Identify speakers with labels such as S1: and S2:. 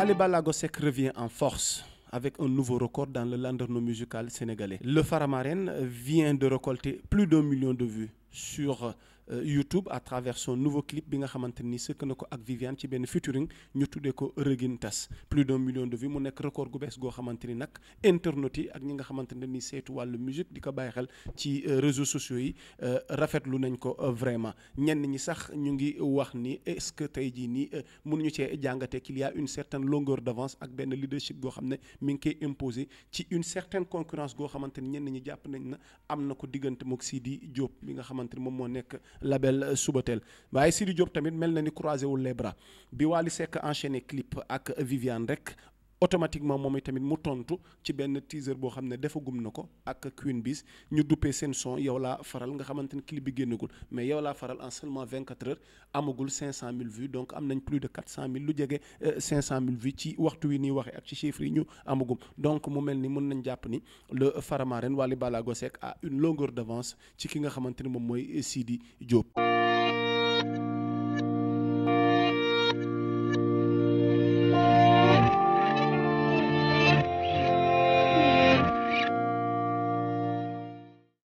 S1: Wally Ballago Seck revient en force avec un nouveau record dans le landerneau musical sénégalais. Le Faramaren vient de récolter plus d'un million de vues sur euh, YouTube à travers son nouveau clip bi nga xamante ni sëkk na ko ak Viviane ci benn featuring ñu tuddee ko Rëgin Tas plus d'un million de vues mu nekk record gu bees goo xamante ni nag internet yi ak ñi nga xamante ne ni saytu wàllu musique di ko bàyyi xel ci euh, réseaux sociaux yi euh, lu nañ ko vraiment ñenn ñi sax ñu ngi wax ni est-ce que tey jii nii mënuñu cee jàngate qu'il y a une certaine longueur d'avance ak benn leadership goo xam ne mi ngi koy ci une certaine concurrence goo xamante ni ñenn ñi jàpp nañ na am na ko diggante mook Sidi Diop bi nga xamante moom moo nekk label Subatel waaye Sidi Diop tamit mel na ni croisé wul les bras bi Wally Seck enchaîné clip ak Viviane rek automatiquement moom itamit mu tontu ci benn teaser boo xam ne defagum na ko ak Queen Biz ñu duppee seen son yow laa faral nga xamante ne clip bi génnagul mais yow la faral en seulement 24 heures amagul 500000 vues donc am nañ plus de 400000 lu jege 500000 euh, vues ci waxtu wi nii waxe ak ci chiffres yi ñu amagum donc mu mel ni mën nañ jàpp ni le Faramaren Wally Ballago Seck à une longueur d'avance ci ki nga xamante ni moom mooy Sidi Diop.